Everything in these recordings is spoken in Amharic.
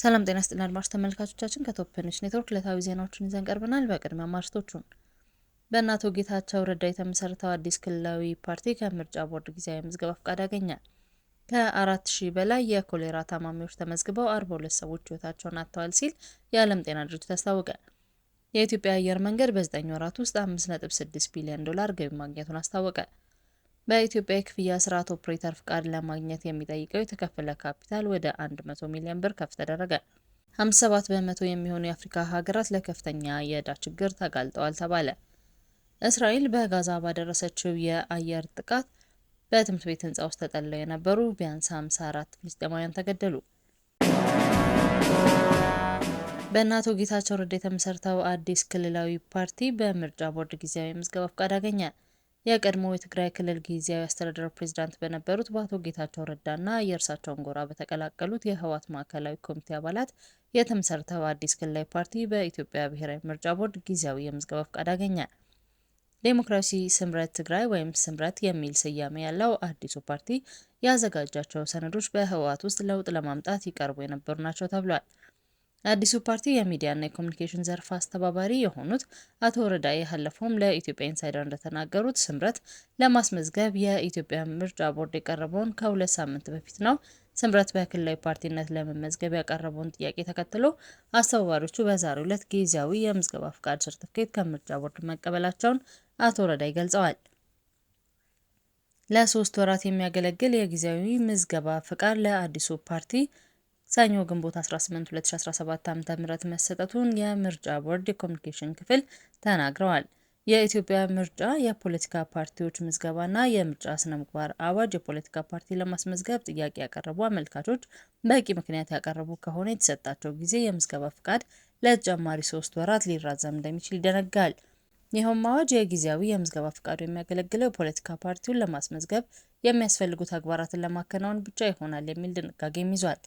ሰላም ጤና ስጥና አድማጭ ተመልካቾቻችን ከቶፕንሽ ኔትወርክ ዕለታዊ ዜናዎችን ይዘን ቀርበናል። በቅድሚያ ማርዕስቶቹን በእነ አቶ ጌታቸው ረዳ የተመሰረተው አዲስ ክልላዊ ፓርቲ ከምርጫ ቦርድ ጊዜያዊ ምዝገባ ፍቃድ አገኘ። ከአራት ሺህ በላይ የኮሌራ ታማሚዎች ተመዝግበው አርባ ሁለት ሰዎች ህይወታቸውን አጥተዋል ሲል የዓለም ጤና ድርጅት አስታወቀ። የኢትዮጵያ አየር መንገድ በዘጠኝ ወራት ውስጥ አምስት ነጥብ ስድስት ቢሊዮን ዶላር ገቢ ማግኘቱን አስታወቀ። በኢትዮጵያ የክፍያ ስርዓት ኦፕሬተር ፍቃድ ለማግኘት የሚጠይቀው የተከፈለ ካፒታል ወደ 100 ሚሊዮን ብር ከፍ ተደረገ። 57 በመቶ የሚሆኑ የአፍሪካ ሀገራት ለከፍተኛ የዕዳ ችግር ተጋልጠዋል ተባለ። እስራኤል በጋዛ ባደረሰችው የአየር ጥቃት በትምህርት ቤት ህንፃ ውስጥ ተጠልለው የነበሩ ቢያንስ 54 ፍልስጤማውያን ተገደሉ። በእነ ጌታቸው ረዳ የተመሰረተው አዲስ ክልላዊ ፓርቲ በምርጫ ቦርድ ጊዜያዊ ምዝገባ ፍቃድ አገኘ። የቀድሞ የትግራይ ክልል ጊዜያዊ አስተዳደር ፕሬዝዳንት በነበሩት በአቶ ጌታቸው ረዳና የእርሳቸውን ጎራ በተቀላቀሉት የህወሓት ማዕከላዊ ኮሚቴ አባላት የተመሰረተው አዲስ ክልላዊ ፓርቲ በኢትዮጵያ ብሔራዊ ምርጫ ቦርድ ጊዜያዊ የምዝገባ ፈቃድ አገኘ። ዴሞክራሲ ስምረት ትግራይ ወይም ስምረት የሚል ስያሜ ያለው አዲሱ ፓርቲ ያዘጋጃቸው ሰነዶች በህወሓት ውስጥ ለውጥ ለማምጣት ይቀርቡ የነበሩ ናቸው ተብሏል። አዲሱ ፓርቲ የሚዲያና የኮሚኒኬሽን ዘርፍ አስተባባሪ የሆኑት አቶ ወረዳ ያለፈውም ለኢትዮጵያ ኢንሳይደር እንደተናገሩት ስምረት ለማስመዝገብ የኢትዮጵያ ምርጫ ቦርድ የቀረበውን ከሁለት ሳምንት በፊት ነው። ስምረት በክልላዊ ፓርቲነት ለመመዝገብ ያቀረበውን ጥያቄ ተከትሎ አስተባባሪዎቹ በዛሬው ዕለት ጊዜያዊ የምዝገባ ፍቃድ ሰርቲፊኬት ከምርጫ ቦርድ መቀበላቸውን አቶ ወረዳ ገልጸዋል። ለሶስት ወራት የሚያገለግል የጊዜያዊ ምዝገባ ፍቃድ ለአዲሱ ፓርቲ ሰኞ ግንቦት 18 2017 ዓ.ም መሰጠቱን የምርጫ ቦርድ የኮሚኒኬሽን ክፍል ተናግረዋል። የኢትዮጵያ ምርጫ የፖለቲካ ፓርቲዎች ምዝገባና የምርጫ ስነ ምግባር አዋጅ የፖለቲካ ፓርቲ ለማስመዝገብ ጥያቄ ያቀረቡ አመልካቾች በቂ ምክንያት ያቀረቡ ከሆነ የተሰጣቸው ጊዜ የምዝገባ ፍቃድ ለተጨማሪ ሶስት ወራት ሊራዘም እንደሚችል ይደነጋል። ይኸውም አዋጅ የጊዜያዊ የምዝገባ ፍቃዱ የሚያገለግለው የፖለቲካ ፓርቲውን ለማስመዝገብ የሚያስፈልጉ ተግባራትን ለማከናወን ብቻ ይሆናል የሚል ድንጋጌም ይዟል።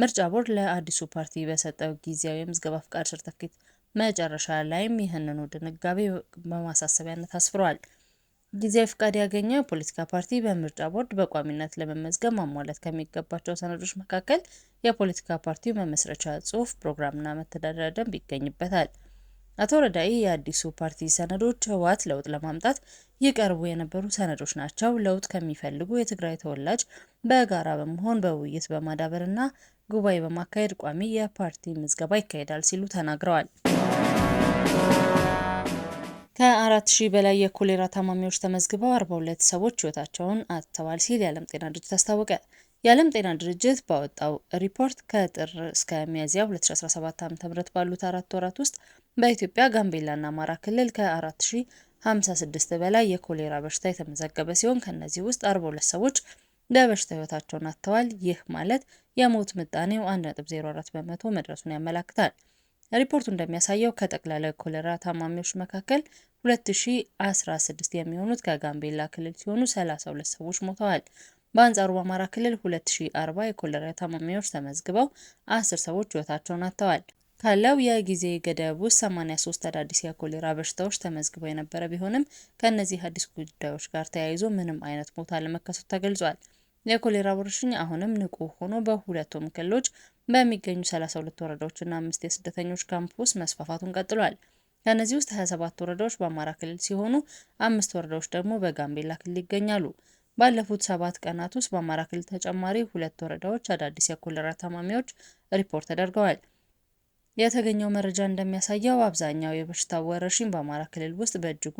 ምርጫ ቦርድ ለአዲሱ ፓርቲ በሰጠው ጊዜያዊ የምዝገባ ፍቃድ ሰርተፍኬት መጨረሻ ላይም ይህንኑ ድንጋጌ በማሳሰቢያነት አስፍሯል። ጊዜያዊ ፍቃድ ያገኘ የፖለቲካ ፓርቲ በምርጫ ቦርድ በቋሚነት ለመመዝገብ ማሟላት ከሚገባቸው ሰነዶች መካከል የፖለቲካ ፓርቲው መመስረቻ ጽሁፍ ፕሮግራምና መተዳደሪያ ደንብ ይገኝበታል። አቶ ረዳኢ የአዲሱ ፓርቲ ሰነዶች ህወሓት ለውጥ ለማምጣት ይቀርቡ የነበሩ ሰነዶች ናቸው፣ ለውጥ ከሚፈልጉ የትግራይ ተወላጅ በጋራ በመሆን በውይይት በማዳበር ጉባኤ በማካሄድ ቋሚ የፓርቲ ምዝገባ ይካሄዳል ሲሉ ተናግረዋል። ከአራት ሺህ በላይ የኮሌራ ታማሚዎች ተመዝግበው 42 ሰዎች ህይወታቸውን አጥተዋል ሲል የዓለም ጤና ድርጅት አስታወቀ። የዓለም ጤና ድርጅት ባወጣው ሪፖርት ከጥር እስከ ሚያዝያ 2017 ዓ.ም ባሉት አራት ወራት ውስጥ በኢትዮጵያ ጋምቤላና አማራ ክልል ከ4056 በላይ የኮሌራ በሽታ የተመዘገበ ሲሆን ከእነዚህ ውስጥ 42 ሰዎች ለበሽታ ህይወታቸውን አጥተዋል። ይህ ማለት የሞት ምጣኔው 1.04 በመቶ መድረሱን ያመላክታል። ሪፖርቱ እንደሚያሳየው ከጠቅላላ ኮሌራ ታማሚዎች መካከል 2016 የሚሆኑት ከጋምቤላ ክልል ሲሆኑ 32 ሰዎች ሞተዋል። በአንጻሩ በአማራ ክልል 2040 የኮሌራ ታማሚዎች ተመዝግበው 10 ሰዎች ህይወታቸውን አጥተዋል። ካለው የጊዜ ገደብ ውስጥ 83 አዳዲስ የኮሌራ በሽታዎች ተመዝግበው የነበረ ቢሆንም ከእነዚህ አዲስ ጉዳዮች ጋር ተያይዞ ምንም አይነት ሞት አለመከሰቱ ተገልጿል። የኮሌራ ወረርሽኝ አሁንም ንቁ ሆኖ በሁለቱም ክልሎች በሚገኙ 32 ወረዳዎችና አምስት የስደተኞች ካምፕ ውስጥ መስፋፋቱን ቀጥሏል። ከእነዚህ ውስጥ 27 ወረዳዎች በአማራ ክልል ሲሆኑ አምስት ወረዳዎች ደግሞ በጋምቤላ ክልል ይገኛሉ። ባለፉት ሰባት ቀናት ውስጥ በአማራ ክልል ተጨማሪ ሁለት ወረዳዎች አዳዲስ የኮሌራ ታማሚዎች ሪፖርት ተደርገዋል። የተገኘው መረጃ እንደሚያሳየው አብዛኛው የበሽታው ወረርሽኝ በአማራ ክልል ውስጥ በእጅጉ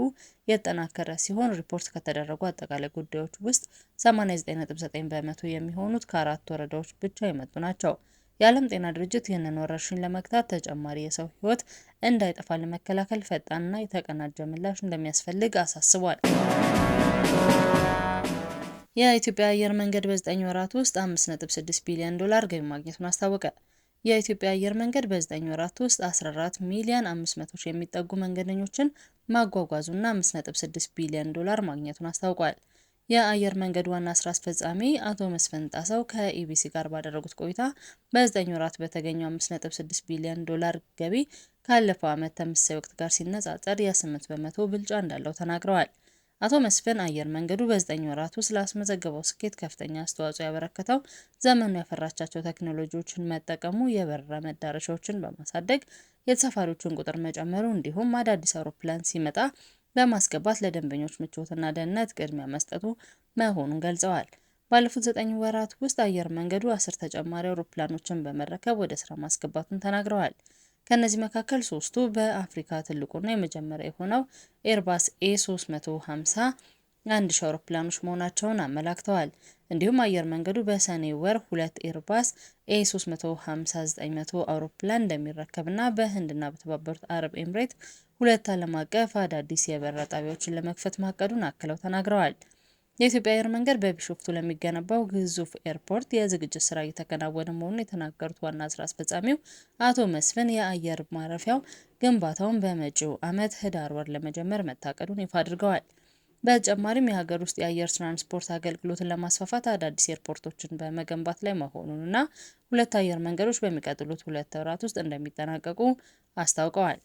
የተጠናከረ ሲሆን ሪፖርት ከተደረጉ አጠቃላይ ጉዳዮች ውስጥ 89.9 በመቶ የሚሆኑት ከአራት ወረዳዎች ብቻ የመጡ ናቸው። የዓለም ጤና ድርጅት ይህንን ወረርሽኝ ለመግታት ተጨማሪ የሰው ሕይወት እንዳይጠፋ ለመከላከል ፈጣንና የተቀናጀ ምላሽ እንደሚያስፈልግ አሳስቧል። የኢትዮጵያ አየር መንገድ በ9 ወራት ውስጥ 5.6 ቢሊዮን ዶላር ገቢ ማግኘቱን አስታወቀ። የኢትዮጵያ አየር መንገድ በ9 ወራት ውስጥ 14 ሚሊዮን 500 ሺህ የሚጠጉ መንገደኞችን ማጓጓዙና 5.6 ቢሊዮን ዶላር ማግኘቱን አስታውቋል። የአየር መንገድ ዋና ስራ አስፈጻሚ አቶ መስፍን ጣሰው ከኢቢሲ ጋር ባደረጉት ቆይታ በ9 ወራት በተገኘው 5.6 ቢሊዮን ዶላር ገቢ ካለፈው ዓመት ተመሳሳይ ወቅት ጋር ሲነጻጸር የ8 በመቶ ብልጫ እንዳለው ተናግረዋል። አቶ መስፍን አየር መንገዱ በዘጠኝ ወራት ውስጥ ላስመዘገበው ስኬት ከፍተኛ አስተዋጽኦ ያበረከተው ዘመኑ ያፈራቻቸው ቴክኖሎጂዎችን መጠቀሙ፣ የበረራ መዳረሻዎችን በማሳደግ የተሳፋሪዎችን ቁጥር መጨመሩ እንዲሁም አዳዲስ አውሮፕላን ሲመጣ በማስገባት ለደንበኞች ምቾትና ደህንነት ቅድሚያ መስጠቱ መሆኑን ገልጸዋል። ባለፉት ዘጠኝ ወራት ውስጥ አየር መንገዱ አስር ተጨማሪ አውሮፕላኖችን በመረከብ ወደ ስራ ማስገባቱን ተናግረዋል። ከእነዚህ መካከል ሶስቱ በአፍሪካ ትልቁና የመጀመሪያ የሆነው ኤርባስ ኤ 350 አንድ ሺ አውሮፕላኖች መሆናቸውን አመላክተዋል። እንዲሁም አየር መንገዱ በሰኔ ወር ሁለት ኤርባስ ኤ 359 900 አውሮፕላን እንደሚረከብና በህንድና በተባበሩት አረብ ኤምሬት ሁለት ዓለም አቀፍ አዳዲስ የበረራ ጣቢያዎችን ለመክፈት ማቀዱን አክለው ተናግረዋል። የኢትዮጵያ አየር መንገድ በቢሾፍቱ ለሚገነባው ግዙፍ ኤርፖርት የዝግጅት ስራ እየተከናወነ መሆኑን የተናገሩት ዋና ስራ አስፈጻሚው አቶ መስፍን የአየር ማረፊያው ግንባታውን በመጪው ዓመት ህዳር ወር ለመጀመር መታቀዱን ይፋ አድርገዋል። በተጨማሪም የሀገር ውስጥ የአየር ትራንስፖርት አገልግሎትን ለማስፋፋት አዳዲስ ኤርፖርቶችን በመገንባት ላይ መሆኑንና ሁለት አየር መንገዶች በሚቀጥሉት ሁለት ወራት ውስጥ እንደሚጠናቀቁ አስታውቀዋል።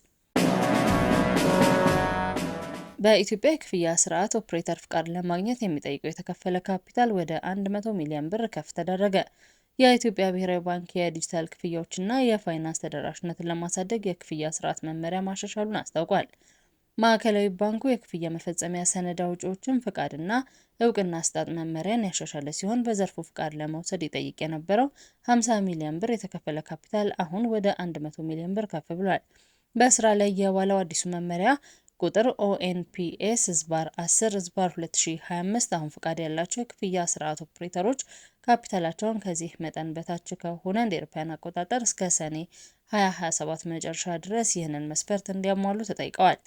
በኢትዮጵያ የክፍያ ስርዓት ኦፕሬተር ፍቃድ ለማግኘት የሚጠይቀው የተከፈለ ካፒታል ወደ 100 ሚሊዮን ብር ከፍ ተደረገ። የኢትዮጵያ ብሔራዊ ባንክ የዲጂታል ክፍያዎችና የፋይናንስ ተደራሽነትን ለማሳደግ የክፍያ ስርዓት መመሪያ ማሻሻሉን አስታውቋል። ማዕከላዊ ባንኩ የክፍያ መፈጸሚያ ሰነድ አውጪዎችን ፍቃድና እውቅና አሰጣጥ መመሪያን ያሻሻለ ሲሆን በዘርፉ ፍቃድ ለመውሰድ ይጠይቅ የነበረው 50 ሚሊዮን ብር የተከፈለ ካፒታል አሁን ወደ 100 ሚሊዮን ብር ከፍ ብሏል። በስራ ላይ የዋለው አዲሱ መመሪያ ቁጥር ኦኤንፒኤስ ዝባር 10 ዝባር 2025 አሁን ፈቃድ ያላቸው የክፍያ ስርዓት ኦፕሬተሮች ካፒታላቸውን ከዚህ መጠን በታች ከሆነ እንደ ኤሮፓውያን አቆጣጠር እስከ ሰኔ 2027 መጨረሻ ድረስ ይህንን መስፈርት እንዲያሟሉ ተጠይቀዋል።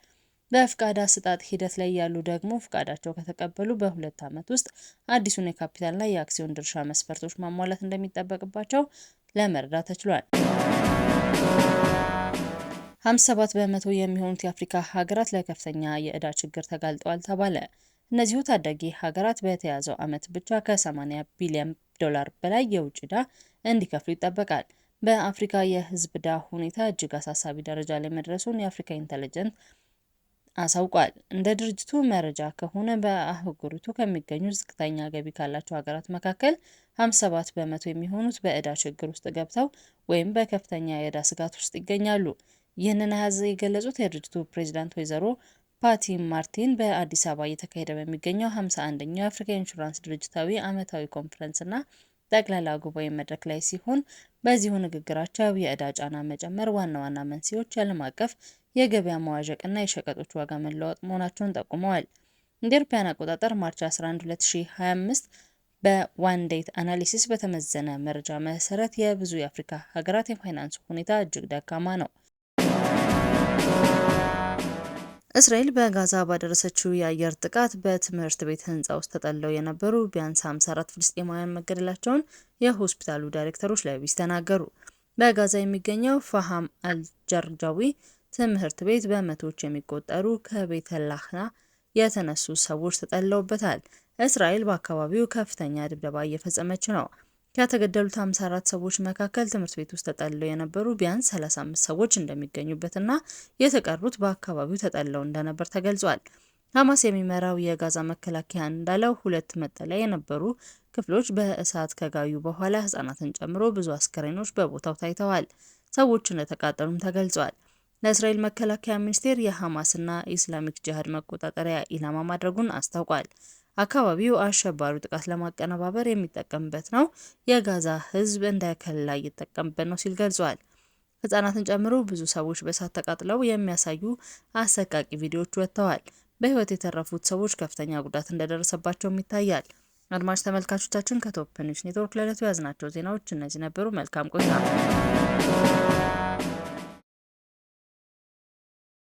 በፍቃድ አሰጣጥ ሂደት ላይ ያሉ ደግሞ ፍቃዳቸው ከተቀበሉ በሁለት ዓመት ውስጥ አዲሱን የካፒታልና የአክሲዮን ድርሻ መስፈርቶች ማሟላት እንደሚጠበቅባቸው ለመረዳት ተችሏል። 57 በመቶ የሚሆኑት የአፍሪካ ሀገራት ለከፍተኛ የዕዳ ችግር ተጋልጠዋል ተባለ። እነዚሁ ታዳጊ ሀገራት በተያዘው ዓመት ብቻ ከ80 ቢሊዮን ዶላር በላይ የውጭ ዕዳ እንዲከፍሉ ይጠበቃል። በአፍሪካ የህዝብ ዕዳ ሁኔታ እጅግ አሳሳቢ ደረጃ ላይ መድረሱን የአፍሪካ ኢንተለጀንስ አሳውቋል። እንደ ድርጅቱ መረጃ ከሆነ በአህጉሪቱ ከሚገኙ ዝቅተኛ ገቢ ካላቸው ሀገራት መካከል 57 በመቶ የሚሆኑት በዕዳ ችግር ውስጥ ገብተው ወይም በከፍተኛ የዕዳ ስጋት ውስጥ ይገኛሉ። ይህንን ሀዘ የገለጹት የድርጅቱ ፕሬዚዳንት ወይዘሮ ፓቲ ማርቲን በአዲስ አበባ እየተካሄደ በሚገኘው 51ኛው የአፍሪካ ኢንሹራንስ ድርጅታዊ ዓመታዊ ኮንፈረንስና ጠቅላላ ጉባኤ መድረክ ላይ ሲሆን በዚሁ ንግግራቸው የእዳ ጫና መጨመር ዋና ዋና መንስኤዎች የዓለም አቀፍ የገበያ መዋዠቅና የሸቀጦች ዋጋ መለዋወጥ መሆናቸውን ጠቁመዋል። እንደ አውሮፓውያን አቆጣጠር ማርች 11 2025 በዋንዴት አናሊሲስ በተመዘነ መረጃ መሰረት የብዙ የአፍሪካ ሀገራት የፋይናንስ ሁኔታ እጅግ ደካማ ነው። እስራኤል በጋዛ ባደረሰችው የአየር ጥቃት በትምህርት ቤት ህንፃ ውስጥ ተጠለው የነበሩ ቢያንስ 54 ፍልስጤማውያን መገደላቸውን የሆስፒታሉ ዳይሬክተሮች ለቢቢሲ ተናገሩ። በጋዛ የሚገኘው ፋሃም አልጀርጃዊ ትምህርት ቤት በመቶዎች የሚቆጠሩ ከቤተ ላህና የተነሱ ሰዎች ተጠለውበታል። እስራኤል በአካባቢው ከፍተኛ ድብደባ እየፈጸመች ነው። ከተገደሉት 54 ሰዎች መካከል ትምህርት ቤት ውስጥ ተጠልለው የነበሩ ቢያንስ 35 ሰዎች እንደሚገኙበትና የተቀሩት በአካባቢው ተጠልለው እንደነበር ተገልጿል። ሐማስ የሚመራው የጋዛ መከላከያ እንዳለው ሁለት መጠለያ የነበሩ ክፍሎች በእሳት ከጋዩ በኋላ ህጻናትን ጨምሮ ብዙ አስከሬኖች በቦታው ታይተዋል። ሰዎች እንደተቃጠሉም ተገልጿል። ለእስራኤል መከላከያ ሚኒስቴር የሐማስና ኢስላሚክ ጂሃድ መቆጣጠሪያ ኢላማ ማድረጉን አስታውቋል። አካባቢው አሸባሪው ጥቃት ለማቀነባበር የሚጠቀምበት ነው፣ የጋዛ ሕዝብ እንደ ከለላ እየተጠቀምበት ነው ሲል ገልጿል። ህጻናትን ጨምሮ ብዙ ሰዎች በእሳት ተቃጥለው የሚያሳዩ አሰቃቂ ቪዲዮዎች ወጥተዋል። በህይወት የተረፉት ሰዎች ከፍተኛ ጉዳት እንደደረሰባቸውም ይታያል። አድማጭ ተመልካቾቻችን ከቶፕ ኒውስ ኔትወርክ ለዕለቱ ያዝናቸው ዜናዎች እነዚህ ነበሩ። መልካም ቆይታ